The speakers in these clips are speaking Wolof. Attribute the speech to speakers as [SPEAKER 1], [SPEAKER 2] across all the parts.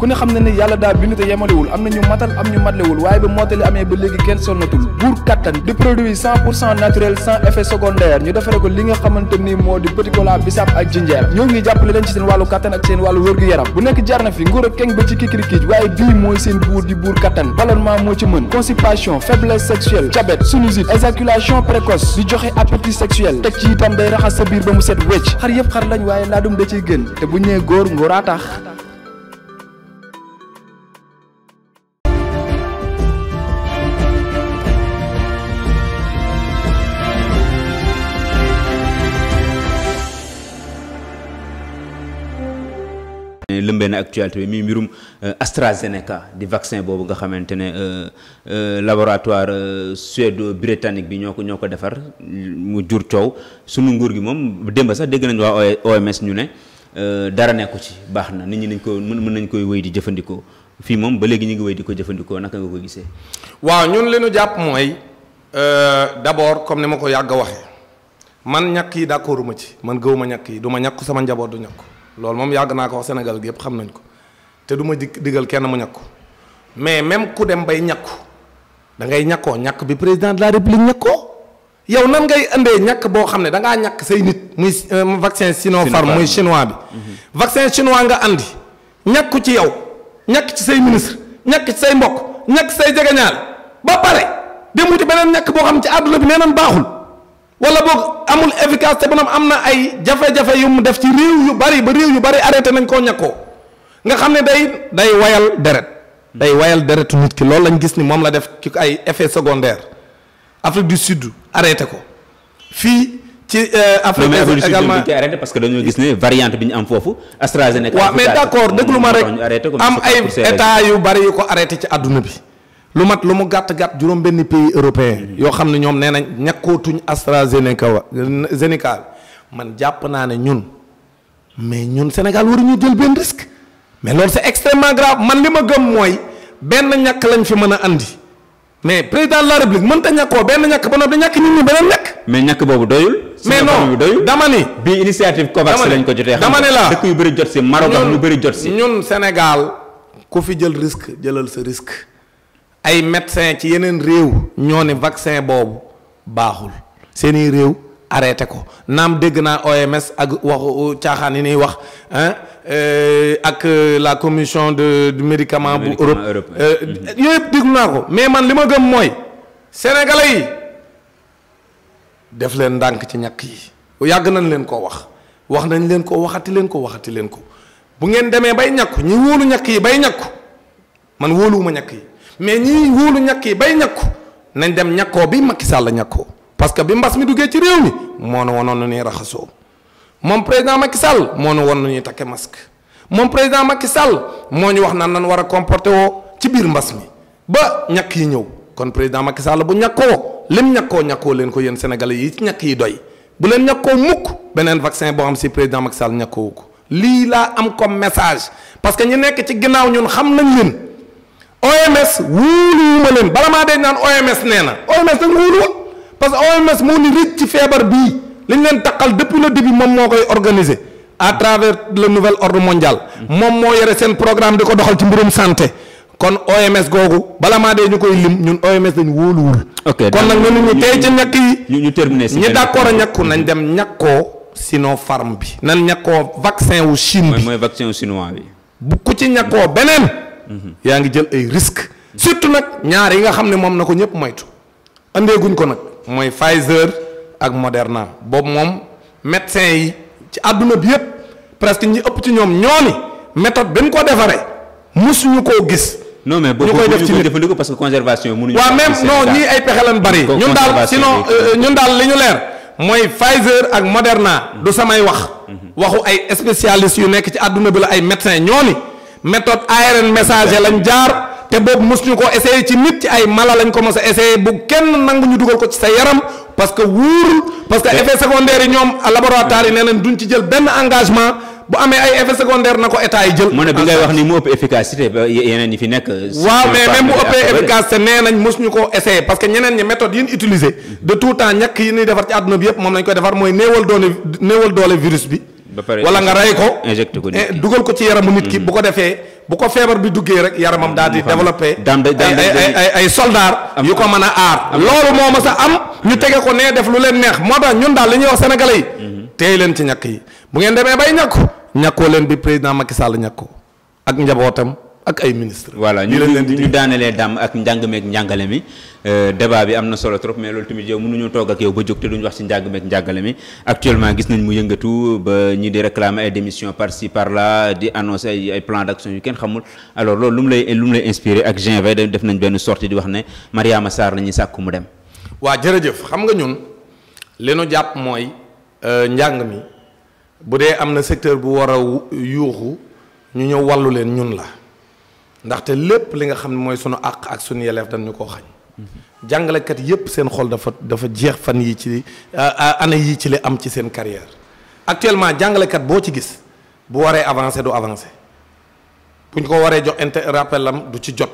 [SPEAKER 1] ku ne xam na ni yàlla daal bindu te yemalewul am na ñu matal am ñu matlewul waaye ba mottali amee ba léegi kenn sonnatul buur kattan di produit cent pour cent naturel sans effet secondaire ñu defare ko li nga xamante ni moo di petit cola bisaab ak jinjeer ñoo ngi jàppale leen ci seen wàllu kattan ak seen wàllu wér-gu-yaram bu nekk jar na fi nguur ak keng ba ci kikirikiij waaye bii mooy seen buur di buur kattan ballonnement moo ci mën constipation faiblesse sexuelle précoce di joxe appétit sexuel teg ci itam day raxas sa biir
[SPEAKER 2] lëmbee na actualité bi muy mbirum euh, AstraZeneca di vaccin boobu nga xamante ne euh, euh, laboratoire suédo-britannique bi ñoo ko ñoo ko defar mu jur coow sunu nguur gi moom démb sax dégg nañu wax OMS e, ñu ne dara nekku ci baax na nit ñi nañ ko mën nañ koy wéy di jëfandikoo fii moom ba léegi ñu ngi wéy di ko jëfandikoo naka nga ko gisee.
[SPEAKER 1] waaw ñun li jàpp mooy d'abord comme ni ma ko yàgg a waxee man ñàkk yi d'accorduma ci man gëwuma ñàkk yi du ma ñàkk sama njaboot du ñàkk. loolu moom yàgg naa ko Sénégal gi yëpp xam nañ ko te du ma digal kenn mu ñàkku mais même ku dem bay ñàkku da ngay ñàkkoo ñàkk bi président de la république ñàkkoo yow nan ngay indee ñàkk boo xam ne da ngaa ñàkk say nit muy euh, vaccin Sinopharm muy chinois bi. Mhm. vaccin chinois nga andi ñàkku ci yow ñàkk ci say ministre ñàkk ci say mbokk ñàkk say jegeñaal ba pare dem wuti beneen ñàkk boo xam ci àdduna bi nee nan baaxul. wala boog amul efficacité ba am na ay jafe-jafe yu mu def ci réew yu bari ba réew yu bari arrêté nañ koo ko nga xam ne day day wayal deret day wayal deretu nit ki loolu lañ gis ni moom la def ci ay effet secondaire Afrique du Sud arrêté ko
[SPEAKER 2] fii ci euh, Afrique également arrêté parce que dañoo gis ne variante bi ñu am foofu AstraZeneca waaw mais d'accord déglu ma rek am ay état
[SPEAKER 1] yu bari yu ko arrêté ci àdduna bi lu mat lu mu gàtt gàtt juróom benn pays européen yoo xam ne ñoom nee nañ ñàkkootuñ AstraZeneca wa Zeneca man jàpp naa ne ñun mais ñun Sénégal waruñu jël benn risque mais loolu c'est extrêmement grave man li ma gëm mooy benn ñàkk lañ fi mën a indi mais président de la république mënta ñàkkoo benn ñàkk ba noppi ñàkk nit ñi beneen ñàkk. mais ñàkk boobu doyul. mais non dama ni bi initiative COVAX lañ ko jotee. xam ne la dëkk yu bëri jot si Maroc ñu bëri jot si. ñun Sénégal ku fi jël risque jëlal sa risque. ay médecin ci yeneen réew ñoo ne vaccin boobu baaxul seeni réew arrêté ko naam dégg naa OMS ak waxu caaxaan yi ñuy wax euh, ak euh, la commission de du médicament bu Europe euh, mm-hmm. yooyu yëpp dégg naa ko mais man li ma gëm mooy sénégalais yi def leen ndànk ci ñàkk yi yàgg nañ leen ko wax wax nañ leen ko waxati leen ko waxati leen ko bu ngeen demee bay ñàkku ñi wóolu ñàkk yi bay ñàkku man wóoluwuma ñàkk yi mais ñii wóolu ñàkk yi bay ñàkku nañ dem ñàkkoo bi Macky Sall ñàkkoo parce que bi mbas mi duggee ci réew mi moo nu wanoon na nuy raxasoo moom président Macky Sall moo nu wan nu ñuy takke masque président Macky Sall moo ñu wax naan nan war a comporté woo ci biir mbas mi ba ñàkk yi ñëw kon président Macky Sall bu ñàkkoo lim ñàkkoo ñàkkoo leen ko yéen sénégalais yi ci ñàkk yi doy bu leen ñàkkoo mukk beneen vaccin boo xam si président Macky Sall ñàkkoowu ko lii laa am comme message parce que ñu nekk ci ginnaaw ñun xam nañ leen OMS wóoluwuma leen bala maa dañ naan OMS nee na OMS dañ la wóoluwul parce que OMS moo ni rëcc ci feebar bii li ñu leen takkal dëpp le début moom moo koy organiser à travers le nouvel ordre mondial. moom moo yore seen programme di ko doxal ci mbirum santé. kon OMS googu bala maa dee ñu koy lim ñun OMS dañu wóoluwul.
[SPEAKER 2] ok kon nag ñun ñu tey ci ñàkk yi. ñu ñu terminer si ñi d'accord a ñàkku nañ
[SPEAKER 1] dem ñàkkoo Sinopharm bi. nañ ñàkkoo vaccin wu Chine bi mooy vaccin wu chinois bi. bu ku ci ñàkkoo beneen. yaa ngi jël ay risques. surtout nag ñaar yi nga xam ne moom na ko ñëpp moytu. andeeguñ ko nag mooy Pfizer ak Moderna boobu moom médecin yi ci àdduna bi yëpp presque ñi ëpp ci ñoom ñoo ni méthode bi ñu ko defaree
[SPEAKER 2] musuñu koo gis. non mais boobu koy def ci nit parce que conservation mënuñu waaw même pexe lañ bari. ñun daal sinon euh, ñun daal li ñu leer. mooy Pfizer ak Moderna. Mm-hmm.
[SPEAKER 1] du samay wax. Mm-hmm. waxu ay spécialistes yu nekk ci àdduna bi la ay médecins ñoo ni méthode ARN messager lañ jaar te boobu mos ñu ko essayer ci nit ci ay mala lañ ko mos a essayer bu kenn nangu ñu dugal ko ci sa yaram parce que wuurul parce que effet secondaire yi ñoom laboratoire yi nee nañ duñ ci jël benn engagement bu amee ay effet secondaire na ko état yi jël. mu ne bi ngay wax ni
[SPEAKER 2] mu ëpp efficacité yeneen yi fi nekk. waaw mais
[SPEAKER 1] même ko essayer parce que ñeneen ñi méthode yi ñu utiliser de tout temps ñàkk yi ñuy defar ci àdduna bi yëpp moom lañ koy defar mooy néewal doole
[SPEAKER 2] wala nga rey ko. injecté ko eh,
[SPEAKER 1] dugal ko ci yaramu nit ki. Mm-hmm. bu ko defee bu ko feebar bi duggee rek yaramam daal di mm-hmm. développé. ay ay ay soldat yu ko mën a aar. loolu moom ma sa am. Mm-hmm. ñu tegee ko nee def lu leen neex moo tax ñun daal li ñuy wax sénégalais yi. teey leen ci ñàkk yi bu ngeen demee bay ñàkku. ñàkkoo leen bi président Macky Sall ñàkku ak njabootam ak ay ministre
[SPEAKER 2] voilà ñu leen di ñu daanelee dàmm ak njàng meeg njàngale mi. Euh, débat bi am na solo trop mais loolu tamit yow mënuñu toog ak yow ba jóg te duñu wax ci njàng meek mi actuellement gis nañ mu yëngatu ba ñi di réclamer ay par ci par là di annoncer ay ay plan d'action yu lu mu lay lu mu lay inspiré ak G20 def nañ benn sortie di wax ne Mariama Sarr la ñuy sàkku mu dem.
[SPEAKER 1] waa jërëjëf xam nga ñun li nu jàpp mooy euh, njàng mi bu dee am na secteur bu war a yuuxu ñu ñëw wàllu leen ñun la ndaxte lépp li nga xam ne mooy sunu àq ak sunu yelleef dañ ñu koo xañ. jàngalekat yépp seen xol dafa dafa jeex fan yi ci année yi ci li am ci seen carrière actuellement jàngalekat boo ci gis bu waree avancer du avancer bu ñu ko waree jox inter rappel am du ci jot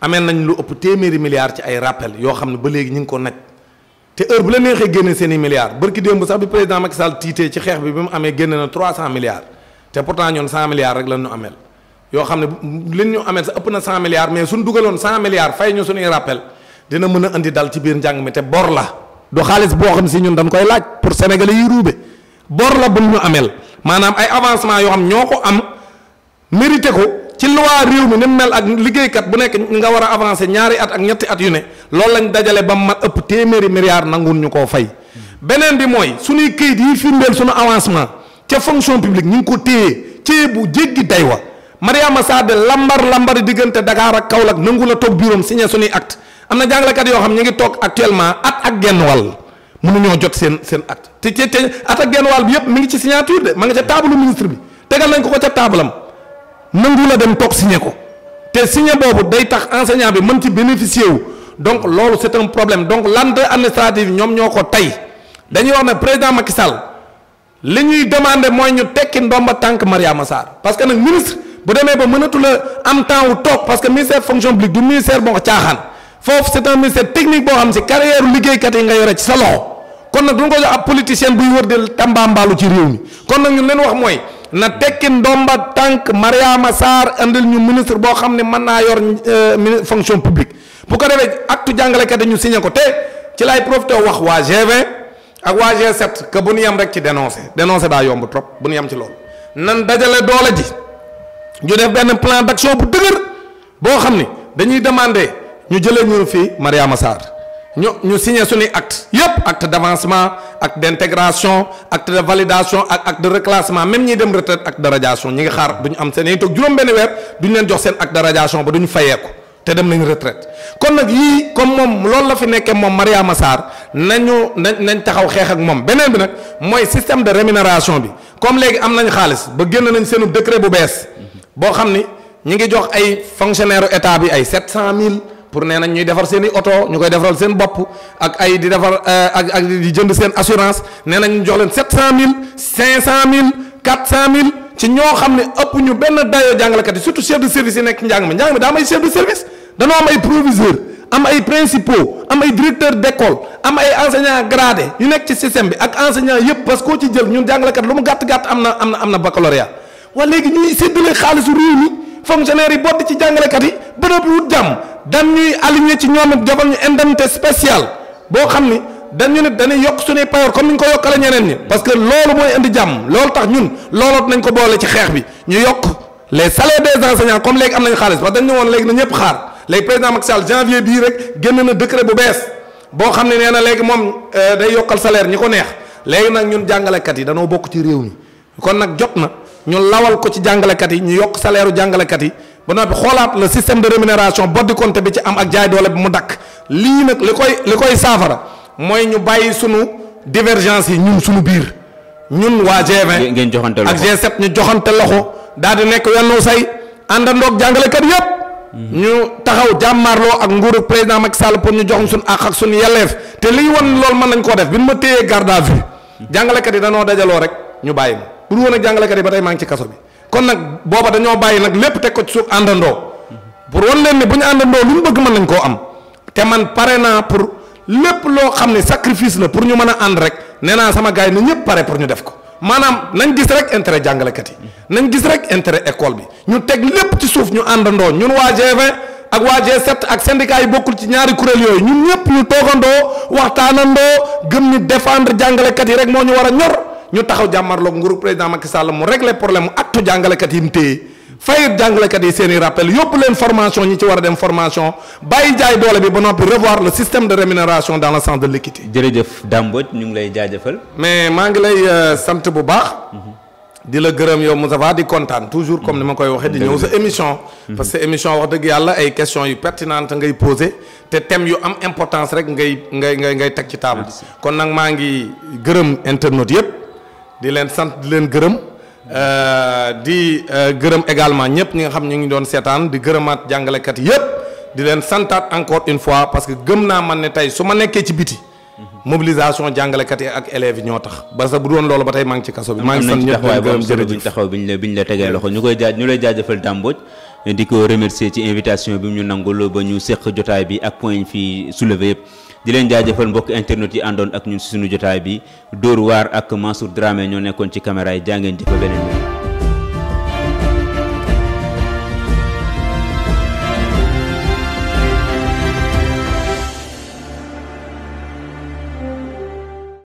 [SPEAKER 1] amee nañ lu ëpp téeméeri milliards ci ay rappel yoo xam ne ba léegi ñu ngi ko naj te heure bu la neexee génne seen i milliards bërki démb sax bi président Macky Sall tiitee ci xeex bi bi mu amee génne na 300 milliards te pourtant ñoon 100 milliards li ñu dina mën a andi dal ci biir njàng mi te bor la du xaalis boo xam si ñun dañ koy laaj pour sénégalais yi ruube bor la bu ñu ameel maanaam ay avancement yoo xam ñoo ko am mérité ko ci loi réew mi ni mu mel ak liggéeykat bu nekk nga war a avancer ñaari at ak ñetti at yu ne lool lañ dajale ba mat ëpp téeméeri milliards nanguwul ñu koo fay. beneen bi mooy suñuy këyit yi firndeel suñu avancement ca fonction publique ñu ngi ko téye téye bu jéggi day wa Mariama Sade lambar lambar diggante Dakar ak Kaolack nangu la toog bureau am signé suñuy acte am na jàngalekat yoo xam ñu ngi toog actuellement at ak genn wàll mënuñoo jot seen seen at te te te at ak genn wàll bi yëpp mi ngi ci signature de ma nga ca taabalu ministre bi tegal nañ ko ko ca taabalam nangu la dem toog signé ko te signé boobu day tax enseignant bi mën ci bénéficier wu donc loolu c'est un problème donc lenteur administrative ñoom ñoo ko tey dañuy wax ne président Macky Sall li ñuy demandé mooy ñu tekki ndomba tànk Mariama Sarr parce que nag ministre bu demee ba mënatu la am temps wu toog parce que ministère fonction publique du ministère boo ko caaxaan. foofu c'est un ministère technique boo xam si carrière liggéeykat yi nga yore ci sa loxo kon nag du nga ko jox ab politicien buy wër de tambaambaalu ci réew mi kon nag ñun leen wax mooy na tekki ndomba tànk Mariama Sarr andil ñu ministre boo xam ne mën naa yor euh, fonction publique bu ko defee acte jàngalekat yi ñu signé ko te ci lay profité wax waa g ak waa G7 que bu ñu yem rek ci dénoncé dénoncé daa yomb trop bu ñu yem ci loolu nan dajale doole ji ñu benn plan d'action bu dëgër boo xam ne dañuy demander. ñu jëlee ñun fii Mariama Sarr ñu ñu signé suñuy acte yépp acte d'avancement acte d'intégration acte de validation ak acte de reclassement même ñi dem retraite acte de radiation ñi ngi xaar du ñu am seen dañuy toog juróom benn weer du ñu leen jox seen acte de radiation ba du ñu fayee ko te dem nañu retraite kon nag yii comme moom loolu la fi nekkee moom Mariama Sarr nañu nañ nañ taxaw xeex ak moom beneen bi nag mooy système de rémunération bi comme léegi am nañ xaalis ba génn nañ seenu décret bu bees boo xam ni ñu ngi jox ay fonctionnaire état bi ay sept cent mille pour nee nañ ñuy defar seeni i oto ñu koy defaral seen bopp ak ay di defar eh, ak ak di jënd seen assurance nee nañ ñu jox leen mille mille 700000 500000 mille ci ñoo xam ne ëpp ñu benn dayoo jàngalekat yi surtout chef de service yi nekk njàng mi njàng daa am ay chef de service danoo am ay proviseur am ay principaux am ay directeur d'école am ay enseignants gradés yu nekk ci système bi ak enseignants yëpp parce que koo ci jël ñun jàngalekat lu mu gàtt gàtt am na am na am na baccalauréat waa léegi ñuy séddale xaalisu réew mi fonctionnaire yi yi ba jàmm. dan ñuy aligné ci ñoom defal ñu indemnité spécial boo xam ni dañu ne dañuy yokk suñuy payoor comme ni ñu ko yokkale ñeneen ñi parce que loolu mooy indi jàmm loolu tax ñun looloot nañ ko boole ci xeex bi ñu yokk les salaires des enseignants comme léegi am nañ xaalis parce que dañu woon léegi na ñëpp xaar léegi président Macky Sall janvier bii rek génn na décret bu bees
[SPEAKER 2] boo xam ne nee na léegi moom
[SPEAKER 1] euh, day yokkal salaire ñi ko neex léegi nag ñun jàngalekat yi danoo bokk ci réew mi kon nag jot na ñu lawal ko ci jàngalekat yi ñu yokk salaire jàngalekat yi ba bi xoolaat le système de rémunération boddi compte bi ci am ak jaay doole bi mu dakk lii nag li koy li koy saafara mooy ñu bàyyi sunu divergence yi ñu suñu biir ñun waa G20
[SPEAKER 2] ngeen joxante loxo ak
[SPEAKER 1] G7 ñu joxante loxo daal di nekk yenn say ànd àndandoog jàngalekat yëpp. Mhm. ñu taxaw jàmmaarloo ak nguuru président Macky Sall pour ñu joxum suñu àq ak suñu yelleef te liy wan loolu mën nañ koo def bi nu ma téyee garde à mhm. jàngalekat yi danoo dajaloo rek ñu bàyyi ma bu dul woon ak jàngalekat yi ba ci kaso bi. kon nag booba dañoo bàyyi nag lépp teg ko ci suuf àndandoo pour wan leen ne bu ñu àndandoo lu mu bëgg mën nañ koo am te man pare naa pour lépp loo xam ne sacrifice la pour ñu mën a ànd rek nee naa sama gars yi ne ñëpp pare pour ñu def ko maanaam nañ gis rek intérêt jàngalekat yi nañ gis rek intérêt école bi ñu teg lépp ci suuf ñu àndandoo ñun waa g ak waa G7 ak syndicat yi bokkul ci ñaari kuréel yooyu ñun ñëpp ñu toogandoo waxtaanandoo gëm ni défendre jàngalekat yi rek moo ñu war a ñor. ñu taxaw jàmmarloog nguuru président Macky Sall mu régler problème mu attu jàngalekat yi mu téye fayit jàngalekat yi seen i rappel yóbbu leen formation ñi ci war a dem formation bàyyi jaay doole bi ba noppi revoir le système de
[SPEAKER 2] rémunération dans le sens de l'équité. jërëjëf jëf Mbodj ñu ngi lay jaajëfal.
[SPEAKER 1] mais maa ngi lay euh, sant bu baax. di la gërëm yow Moustapha di kontaan toujours comme ni ma koy waxee di ñëw sa émission. parce que émission wax dëgg yàlla ay questions yu pertinentes ngay posé te thèmes yu am importance rek ngay ngay ngay ngay teg ci table. kon nag maa ngi gërëm internautes yëpp. di leen sant di leen gërëm euh, di euh, gërëm également ñëpp ñi nga xam ñu ngi doon seetaan di gërëmaat jàngalekat yëpp di leen santaat encore une fois parce que gëm naa man ne tey su ma nekkee ci biti. mobilisation jàngalekat yi ak élèves yi ñoo tax parce que bu doon loolu ba tey maa ci kaso bi. maa sant ñëpp di leen gërëm jërëjëf am nañ ci ñu
[SPEAKER 2] taxaw bi ñu la bi ñu la tegee ñu koy jaaj ñu lay jaajëfal Dame di ko remercier ci invitation bi mu ñu nangul ba ñu seq jotaay bi ak point yi fi soulevé yëpp di leen jaajëfal mbokk internet yi àndoon ak ñun si suñu jotaay bi Dóor waar ak Mansour Dramé ñoo nekkoon ci caméra yi jaa ngeen jëfa beneen